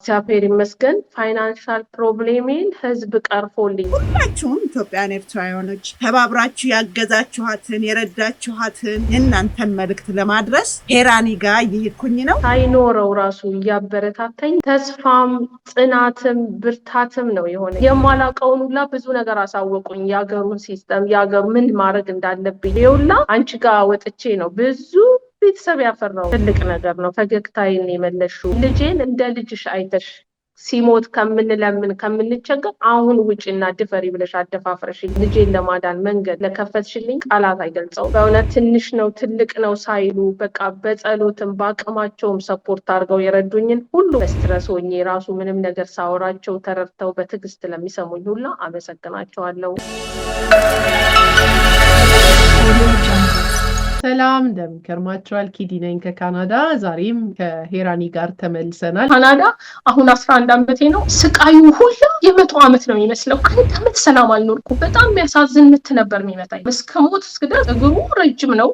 እግዚአብሔር ይመስገን ፋይናንሻል ፕሮብሌሜን ህዝብ ቀርፎልኝ፣ ሁላችሁም ኢትዮጵያን ኤርትራውያኖች ተባብራችሁ ያገዛችኋትን የረዳችኋትን የእናንተን መልእክት ለማድረስ ሄራኒ ጋ እየሄድኩኝ ነው። ሳይኖረው ራሱ እያበረታተኝ ተስፋም ጽናትም ብርታትም ነው የሆነ የማላውቀውን ሁላ ብዙ ነገር አሳወቁኝ። የሀገሩን ሲስተም የሀገሩ ምን ማድረግ እንዳለብኝ ሁላ አንቺ ጋር ወጥቼ ነው ብዙ ቤተሰብ ያፈራው ትልቅ ነገር ነው። ፈገግታዬን የመለሽው ልጄን እንደ ልጅሽ አይተሽ ሲሞት ከምንለምን ከምንቸገር አሁን ውጭና ድፈሪ ብለሽ አደፋፍረሽ ልጄን ለማዳን መንገድ ለከፈትሽልኝ ቃላት አይገልጸው። በእውነት ትንሽ ነው ትልቅ ነው ሳይሉ በቃ በጸሎትም በአቅማቸውም ሰፖርት አድርገው የረዱኝን ሁሉ በስትረስ ሆኜ ራሱ ምንም ነገር ሳወራቸው ተረድተው በትዕግስት ለሚሰሙኝ ሁላ አመሰግናቸዋለሁ። ሰላም እንደምን ከርማችኋል? ኪዲ ነኝ ከካናዳ። ዛሬም ከሄራኒ ጋር ተመልሰናል። ካናዳ አሁን አስራ አንድ አመቴ ነው። ስቃዩ ሁላ የመቶ ዓመት ነው የሚመስለው። አንድ አመት ሰላም አልኖርኩ። በጣም የሚያሳዝን ምት ነበር የሚመታኝ እስከ ሞት እስክደርስ። እግሩ ረጅም ነው።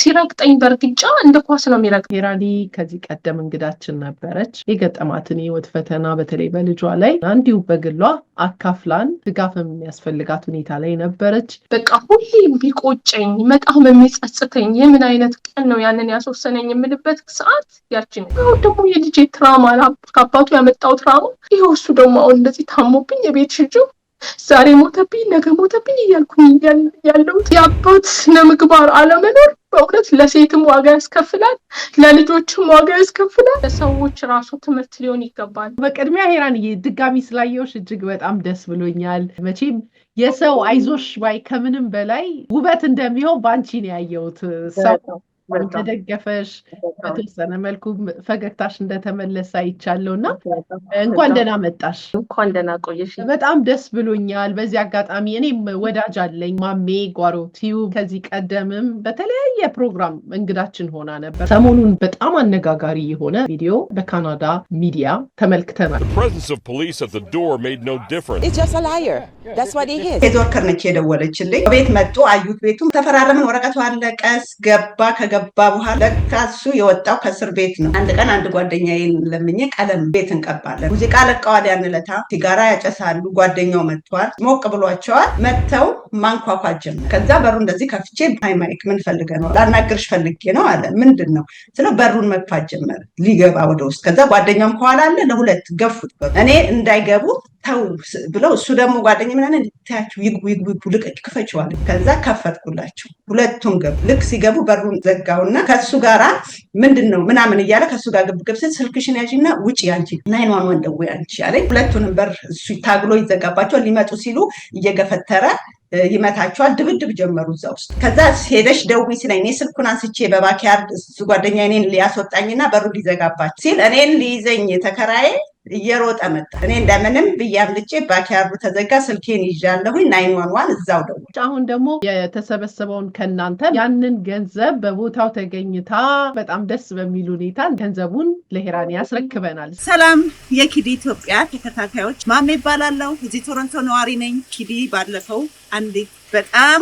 ሲረግጠኝ በእርግጫ እንደ ኳስ ነው የሚረግ። ሄራኒ ከዚህ ቀደም እንግዳችን ነበረች። የገጠማትን ህይወት ፈተና በተለይ በልጇ ላይ እንዲሁ በግሏ አካፍላን ድጋፍ የሚያስፈልጋት ሁኔታ ላይ ነበረች። በቃ ሁሌ የሚቆጨኝ መጣም የሚጸ የሚጸጽተኝ የምን አይነት ቀን ነው ያንን ያስወሰነኝ የምልበት ሰዓት ያችን። አሁን ደግሞ የልጄ ትራማ ከአባቱ ያመጣው ትራማ ይኸው እሱ ደግሞ አሁን እንደዚህ ታሞብኝ የቤት ሽጁ ዛሬ ሞተብኝ ነገ ሞተብኝ እያልኩኝ ያለሁት የአባት ነምግባር አለመኖር በእውነት ለሴትም ዋጋ ያስከፍላል፣ ለልጆችም ዋጋ ያስከፍላል። ለሰዎች ራሱ ትምህርት ሊሆን ይገባል። በቅድሚያ ሄራን ድጋሚ ስላየሁሽ እጅግ በጣም ደስ ብሎኛል። መቼም የሰው አይዞሽ ባይ ከምንም በላይ ውበት እንደሚሆን በአንቺ ነው ያየሁት። እንደደገፈሽ በተወሰነ መልኩ ፈገግታሽ እንደተመለሰ አይቻለው እና እንኳን ደህና መጣሽ። እንኳን ደህና ቆየሽ። በጣም ደስ ብሎኛል። በዚህ አጋጣሚ እኔም ወዳጅ አለኝ ማሜ ጓሮ ቲዩብ ከዚህ ቀደምም በተለያየ ፕሮግራም እንግዳችን ሆና ነበር። ሰሞኑን በጣም አነጋጋሪ የሆነ ቪዲዮ በካናዳ ሚዲያ ተመልክተናል። ሄድ ነች የደወለችልኝ። ቤት መጡ አዩት። ቤቱም ተፈራረምን። ወረቀቱ አለቀስ ገባ ከገባ በኋላ ለካ እሱ የወጣው ከእስር ቤት ነው። አንድ ቀን አንድ ጓደኛዬን ለምኜ ቀለም ቤት እንቀባለን፣ ሙዚቃ ለቀዋል። ያን ሲጋራ ያጨሳሉ። ጓደኛው መጥቷል፣ ሞቅ ብሏቸዋል። መጥተው ማንኳኳት ጀመር። ከዛ በሩ እንደዚህ ከፍቼ ማይክ፣ ምን ፈልገ ነው? ላናግርሽ ፈልጌ ነው አለ። ምንድን ነው ስለ በሩን መግፋት ጀመረ ሊገባ ወደ ውስጥ። ከዛ ጓደኛውም ከኋላ አለ። ለሁለት ገፉት። እኔ እንዳይገቡ ተው ብለው እሱ ደግሞ ጓደኛ ምናን እንድታያችሁ ይግቡ ይግቡ ይግቡ ልቀቅ ክፈችዋል። ከዛ ከፈትኩላቸው ሁለቱም ገቡ። ልክ ሲገቡ በሩን ዘጋውና ከሱ ጋራ ምንድን ነው ምናምን እያለ ከሱ ጋር ግብ ግብ ስል ስልክሽን ያዥና ውጭ አንቺ ናይን ዋን ዋን ደዌ አንቺ አለኝ። ሁለቱንም በር እሱ ታግሎ ይዘጋባቸዋል። ሊመጡ ሲሉ እየገፈተረ ይመታቸዋል። ድብድብ ጀመሩ እዛ ውስጥ። ከዛ ሄደሽ ደዊ ሲለኝ እኔ ስልኩን አንስቼ በባኪያርድ ጓደኛ እኔን ሊያስወጣኝና በሩ ሊዘጋባቸው ሲል እኔን ሊይዘኝ ተከራዬ እየሮጠ መጣ። እኔ እንደምንም ብዬ ባኪያሩ ተዘጋ። ስልኬን ይዣለሁኝ። ናይን ዋን ዋን እዛው ደወል። አሁን ደግሞ የተሰበሰበውን ከእናንተ ያንን ገንዘብ በቦታው ተገኝታ በጣም ደስ በሚል ሁኔታ ገንዘቡን ለሄራን ያስረክበናል። ሰላም የኪዲ ኢትዮጵያ ተከታታዮች፣ ማሜ ይባላለው እዚህ ቶሮንቶ ነዋሪ ነኝ። ኪዲ ባለፈው አንዴ በጣም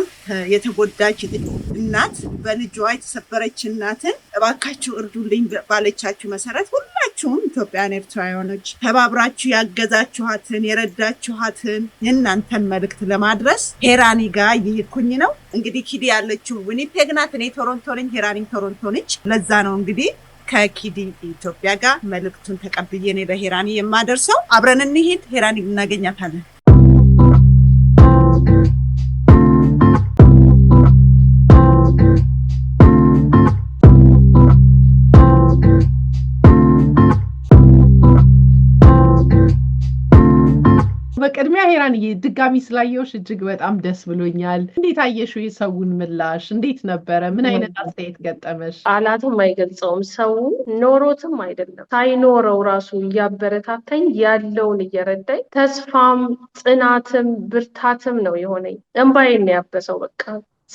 የተጎዳች እናት በልጇ የተሰበረች እናትን እባካችሁ እርዱልኝ ባለቻችሁ መሰረት ሁላችሁም ኢትዮጵያን ኤርትራውያኖች ተባብራችሁ ያገዛችኋትን የረዳችኋትን የእናንተን መልእክት ለማድረስ ሄራኒ ጋ እየሄድኩኝ ነው። እንግዲህ ኪዲ ያለችው ዊኒፔግ ናት። እኔ ቶሮንቶ ነኝ። ሄራኒ ቶሮንቶ ነች። ለዛ ነው እንግዲህ ከኪዲ ኢትዮጵያ ጋር መልእክቱን ተቀብዬ እኔ ለሄራኒ የማደርሰው። አብረን እንሂድ። ሄራኒ እናገኛታለን። ማይራንዬ ድጋሚ ስላየውሽ እጅግ በጣም ደስ ብሎኛል። እንዴት አየሽው? የሰውን ምላሽ እንዴት ነበረ? ምን አይነት አስተያየት ገጠመሽ? ቃላትም አይገልጸውም። ሰው ኖሮትም አይደለም ሳይኖረው ራሱ እያበረታታኝ ያለውን እየረዳኝ ተስፋም ጽናትም ብርታትም ነው የሆነኝ። እንባዬን ያበሰው በቃ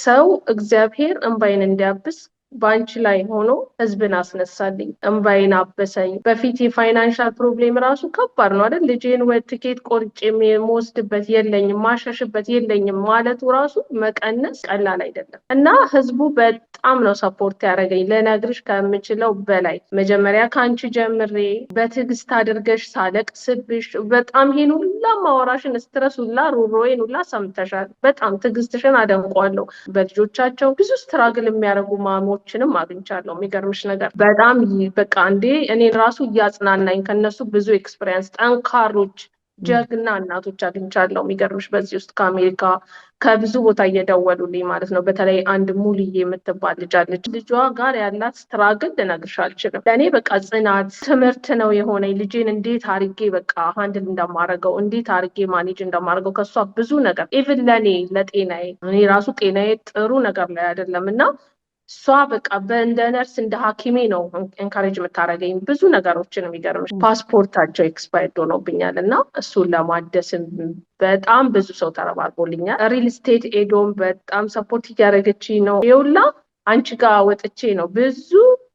ሰው እግዚአብሔር እንባይን እንዲያብስ ባንች ላይ ሆኖ ህዝብን አስነሳልኝ፣ እምባዬን አበሰኝ። በፊት የፋይናንሻል ፕሮብሌም ራሱ ከባድ ነው አይደል? ልጄን ወ ትኬት ቆርጬ የምወስድበት የለኝም፣ ማሸሽበት የለኝም ማለቱ ራሱ መቀነስ ቀላል አይደለም። እና ህዝቡ በጣም ነው ሰፖርት ያደረገኝ ልነግርሽ ከምችለው በላይ። መጀመሪያ ከአንቺ ጀምሬ በትዕግስት አድርገሽ ሳለቅስብሽ፣ በጣም ይሄን ሁላ ማወራሽን ስትረስ ሁላ ሩሮዬን ሁላ ሰምተሻል። በጣም ትዕግስትሽን አደንቋለሁ። በልጆቻቸው ብዙ ስትራግል የሚያደርጉ ማሞ ሰዎችንም አግኝቻለሁ። የሚገርምሽ ነገር በጣም በቃ እንዴ እኔን ራሱ እያጽናናኝ ከነሱ ብዙ ኤክስፔሪንስ ጠንካሮች ጀግና እናቶች አግኝቻለሁ። የሚገርምሽ በዚህ ውስጥ ከአሜሪካ ከብዙ ቦታ እየደወሉልኝ ማለት ነው። በተለይ አንድ ሙልዬ የምትባል ልጅ አለች። ልጇ ጋር ያላት ስትራግል ልነግርሽ አልችልም። ለእኔ በቃ ጽናት ትምህርት ነው የሆነኝ። ልጄን እንዴት አርጌ በቃ ሀንድል እንደማረገው እንዴት አርጌ ማኔጅ እንደማረገው ከእሷ ብዙ ነገር ኢቭን ለእኔ ለጤናዬ እኔ ራሱ ጤናዬ ጥሩ ነገር ላይ አይደለም እና እሷ በቃ በእንደ ነርስ እንደ ሐኪሜ ነው ኤንካሬጅ የምታደርገኝ። ብዙ ነገሮችን የሚገርምሽ ፓስፖርታቸው ኤክስፓየርድ ሆኖብኛል እና እሱን ለማደስም በጣም ብዙ ሰው ተረባርቦልኛል። ሪል ስቴት ኤዶም በጣም ሰፖርት እያደረገች ነው። ይውላ አንቺ ጋር ወጥቼ ነው ብዙ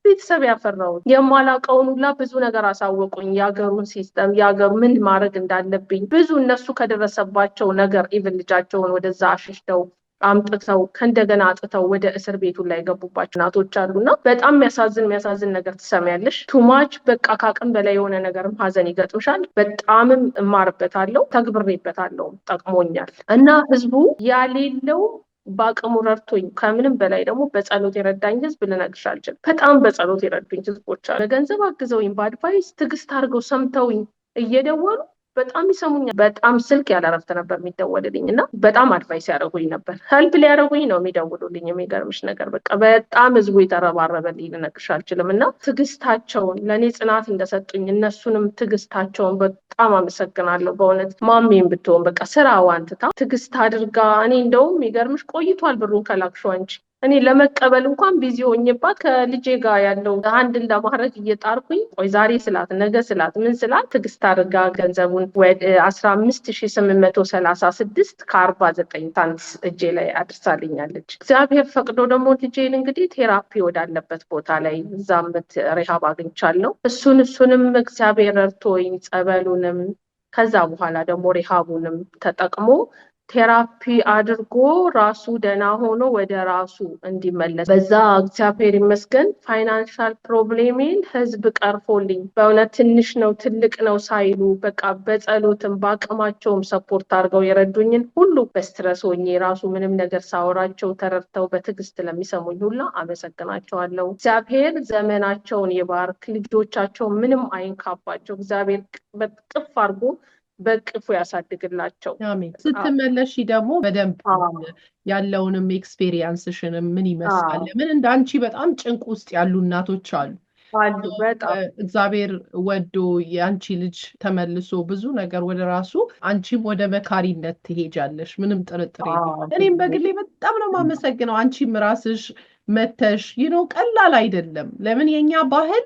ቤተሰብ ያፈራው የማላውቀውን ሁላ ብዙ ነገር አሳወቁኝ። የሀገሩን ሲስተም የሀገሩ ምን ማድረግ እንዳለብኝ ብዙ እነሱ ከደረሰባቸው ነገር ኢቭን ልጃቸውን ወደዛ አሽሽተው አምጥተው ከእንደገና አጥተው ወደ እስር ቤቱ ላይ የገቡባቸው እናቶች አሉና በጣም የሚያሳዝን የሚያሳዝን ነገር ትሰሚያለሽ። ቱማች በቃ ካቅም በላይ የሆነ ነገርም ሀዘን ይገጥምሻል። በጣምም እማርበታለሁ፣ ተግብሬበታለሁ፣ ጠቅሞኛል እና ህዝቡ ያሌለው በአቅሙ ረድቶኝ ከምንም በላይ ደግሞ በጸሎት የረዳኝ ህዝብ ልነግርሽ አልችልም። በጣም በጸሎት የረዱኝ ህዝቦች አሉ። በገንዘብ አግዘውኝ፣ በአድቫይስ ትዕግስት አድርገው ሰምተውኝ እየደወሉ በጣም ይሰሙኛል። በጣም ስልክ ያላረፍት ነበር የሚደወልልኝ እና በጣም አድቫይስ ያደረጉኝ ነበር። ሀልፕ ሊያደረጉኝ ነው የሚደውሉልኝ። የሚገርምሽ ነገር በቃ በጣም ህዝቡ የተረባረበልኝ ልነግርሽ አልችልም። እና ትዕግስታቸውን ለእኔ ጽናት እንደሰጡኝ እነሱንም ትዕግስታቸውን በጣም አመሰግናለሁ። በእውነት ማሜን ብትሆን በቃ ስራ ዋንትታ ትዕግስት አድርጋ እኔ እንደውም የሚገርምሽ ቆይቷል ብሩን ከላክሽ አንቺ እኔ ለመቀበል እንኳን ቢዚ ሆኝባት ከልጄ ጋር ያለው አንድን ለማድረግ እየጣርኩኝ ቆይ ዛሬ ስላት ነገ ስላት ምን ስላት ትግስት አድርጋ ገንዘቡን ወደ አስራ አምስት ሺ ስምንት መቶ ሰላሳ ስድስት ከአርባ ዘጠኝ ታንስ እጄ ላይ አድርሳልኛለች። እግዚአብሔር ፈቅዶ ደግሞ ልጄን እንግዲህ ቴራፒ ወዳለበት ቦታ ላይ እዛም ሪሃብ አግኝቻለሁ። እሱን እሱንም እግዚአብሔር እርቶኝ ጸበሉንም ከዛ በኋላ ደግሞ ሪሃቡንም ተጠቅሞ ቴራፒ አድርጎ ራሱ ደህና ሆኖ ወደ ራሱ እንዲመለስ በዛ እግዚአብሔር ይመስገን። ፋይናንሻል ፕሮብሌሜን ህዝብ ቀርፎልኝ በእውነት ትንሽ ነው ትልቅ ነው ሳይሉ በቃ በጸሎትም በአቅማቸውም ሰፖርት አድርገው የረዱኝን ሁሉ በስትረስ ሆኜ ራሱ ምንም ነገር ሳወራቸው ተረድተው በትዕግስት ለሚሰሙኝ ሁላ አመሰግናቸዋለሁ። እግዚአብሔር ዘመናቸውን ይባርክ፣ ልጆቻቸው ምንም አይንካባቸው። እግዚአብሔር ቅፍ አድርጎ በቅፉ ያሳድግላቸው። ስትመለሺ ደግሞ በደንብ ያለውንም ኤክስፔሪየንስሽንም ምን ይመስላል? ለምን እንደ አንቺ በጣም ጭንቅ ውስጥ ያሉ እናቶች አሉ አሉ። በጣም እግዚአብሔር ወዶ የአንቺ ልጅ ተመልሶ ብዙ ነገር ወደ ራሱ አንቺም ወደ መካሪነት ትሄጃለሽ፣ ምንም ጥርጥር እኔም በግሌ በጣም ነው የማመሰግነው አንቺም ራስሽ መተሽ ይኖ ቀላል አይደለም። ለምን የኛ ባህል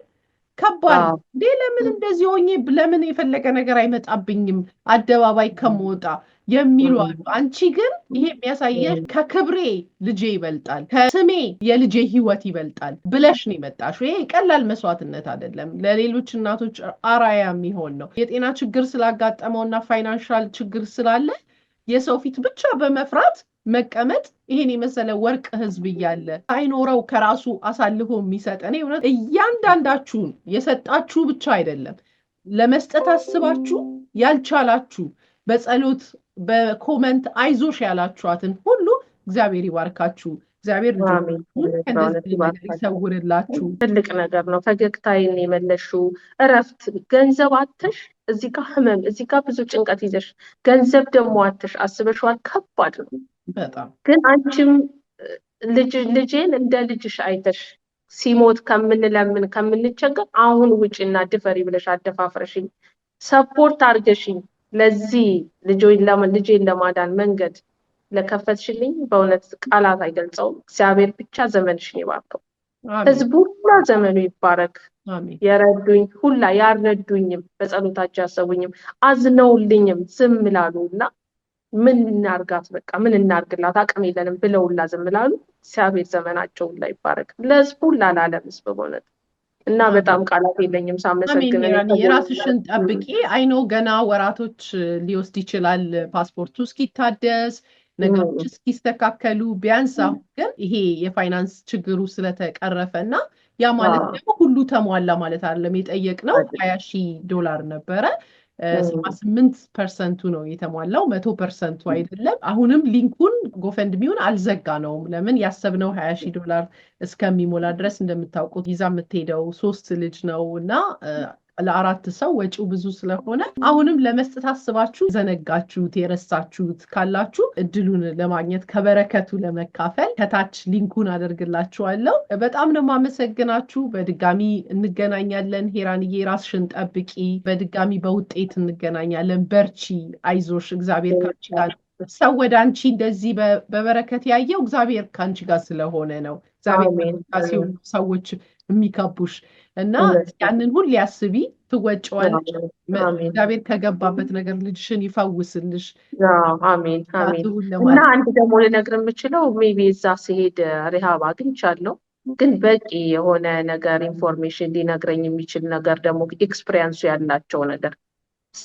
ከባድ እንዴ! ለምን እንደዚህ ሆኜ ለምን የፈለገ ነገር አይመጣብኝም አደባባይ ከመወጣ የሚሉ አሉ። አንቺ ግን ይሄ የሚያሳየሽ ከክብሬ ልጄ ይበልጣል፣ ከስሜ የልጄ ህይወት ይበልጣል ብለሽ ነው የመጣሽው። ይሄ ቀላል መስዋዕትነት አይደለም፣ ለሌሎች እናቶች አራያ የሚሆን ነው። የጤና ችግር ስላጋጠመው እና ፋይናንሻል ችግር ስላለ የሰው ፊት ብቻ በመፍራት መቀመጥ ይሄን የመሰለ ወርቅ ህዝብ እያለ ሳይኖረው ከራሱ አሳልፎ የሚሰጥ እኔ እውነት እያንዳንዳችሁን የሰጣችሁ ብቻ አይደለም ለመስጠት አስባችሁ ያልቻላችሁ በጸሎት በኮመንት አይዞሽ ያላችኋትን ሁሉ እግዚአብሔር ይባርካችሁ። እግዚአብሔር ይሰውርላችሁ። ትልቅ ነገር ነው። ፈገግታዬን የመለሹ እረፍት ገንዘብ አተሽ እዚህ ጋር ህመም፣ እዚህ ጋር ብዙ ጭንቀት ይዘሽ ገንዘብ ደግሞ አተሽ አስበሽዋል። ከባድ ነው። ግን አንቺም ልጄን እንደ ልጅሽ አይተሽ ሲሞት ከምንለምን ከምንቸገር አሁን ውጭና ድፈሪ ብለሽ አደፋፍረሽኝ ሰፖርት አርገሽኝ ለዚህ ልጄን ለማዳን መንገድ ለከፈትሽልኝ በእውነት ቃላት አይገልጸውም። እግዚአብሔር ብቻ ዘመንሽን ይባርከው። ህዝቡ ሁላ ዘመኑ ይባረክ። የረዱኝ ሁላ ያረዱኝም በጸሎታቸው ያሰቡኝም፣ አዝነውልኝም ዝም ላሉ እና ምን እናርጋት፣ በቃ ምን እናርግላት፣ አቅም የለንም ብለውላ ዘምላሉ ብላሉ። እግዚአብሔር ዘመናቸውን ላይ ይባረክ፣ ለህዝቡ ላላለም ህዝብ በእውነት እና በጣም ቃላት የለኝም ሳመሰግን። ራስሽን ጠብቂ። አይኖ ገና ወራቶች ሊወስድ ይችላል ፓስፖርቱ እስኪታደስ ነገሮች እስኪስተካከሉ ቢያንስ አሁን ግን ይሄ የፋይናንስ ችግሩ ስለተቀረፈ እና ያ ማለት ደግሞ ሁሉ ተሟላ ማለት አለም የጠየቅ ነው ሀያ ሺህ ዶላር ነበረ። ሰባ ስምንት ፐርሰንቱ ነው የተሟላው፣ መቶ ፐርሰንቱ አይደለም። አሁንም ሊንኩን ጎፈንድሚውን አልዘጋ ነውም። ለምን ያሰብነው ሀያ ሺህ ዶላር እስከሚሞላ ድረስ እንደምታውቁት ይዛ የምትሄደው ሶስት ልጅ ነው እና ለአራት ሰው ወጪው ብዙ ስለሆነ አሁንም ለመስጠት አስባችሁ ዘነጋችሁት የረሳችሁት ካላችሁ እድሉን ለማግኘት ከበረከቱ ለመካፈል ከታች ሊንኩን አደርግላችኋለሁ። በጣም ነው የማመሰግናችሁ። በድጋሚ እንገናኛለን። ሄራንዬ ራስሽን ጠብቂ። በድጋሚ በውጤት እንገናኛለን። በርቺ፣ አይዞሽ፣ እግዚአብሔር ካንቺ ጋር። ሰው ወደ አንቺ እንደዚህ በበረከት ያየው እግዚአብሔር ካንቺ ጋር ስለሆነ ነው። እግዚአብሔር ሲሆኑ ሰዎች የሚከቡሽ እና ያንን ሁሌ አስቢ። ትወጪዋለሽ። እግዚአብሔር ከገባበት ነገር ልጅሽን ይፈውስልሽ። አሜን አሜን። እና አንድ ደግሞ ልነግር የምችለው ሜቢ እዛ ሲሄድ ሪሃብ አግኝቻለሁ፣ ግን በቂ የሆነ ነገር ኢንፎርሜሽን ሊነግረኝ የሚችል ነገር ደግሞ ኤክስፕሪንሱ ያላቸው ነገር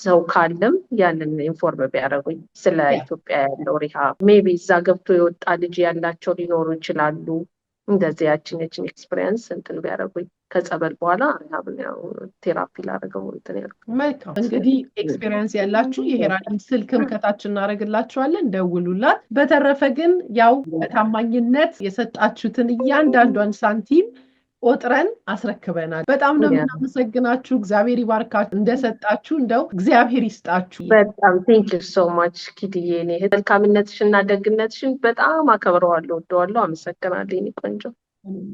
ሰው ካለም ያንን ኢንፎርም ቢያደርጉኝ ስለ ኢትዮጵያ ያለው ሪሃብ ሜቢ እዛ ገብቶ የወጣ ልጅ ያላቸው ሊኖሩ ይችላሉ። እንደዚህ ያችን የችን ኤክስፔሪንስ እንትን ቢያደረጉኝ ከጸበል በኋላ ቴራፒ ላደረገው እንትን ያልኩ። መልካም እንግዲህ ኤክስፔሪንስ ያላችሁ የሄራሊን ስልክም ከታች እናደርግላችኋለን፣ ደውሉላት። በተረፈ ግን ያው በታማኝነት የሰጣችሁትን እያንዳንዷን ሳንቲም ቆጥረን አስረክበናል። በጣም ነው የምናመሰግናችሁ። እግዚአብሔር ይባርካችሁ። እንደሰጣችሁ እንደው እግዚአብሔር ይስጣችሁ። በጣም ቴንክ ዩ ሶ ማች ኪድዬ። እኔ እና ደግነትሽን በጣም አከብረዋለሁ፣ ወደዋለሁ። አመሰግናለሁ የእኔ ቆንጆ።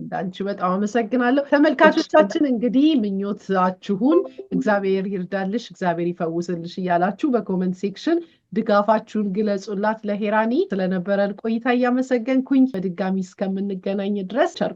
እንዳንቺ በጣም አመሰግናለሁ። ተመልካቾቻችን እንግዲህ ምኞታችሁን እግዚአብሔር ይርዳልሽ፣ እግዚአብሔር ይፈውስልሽ እያላችሁ በኮመንት ሴክሽን ድጋፋችሁን ግለጹላት። ለሄራኒ ስለነበረን ቆይታ እያመሰገንኩኝ በድጋሚ እስከምንገናኝ ድረስ ቸር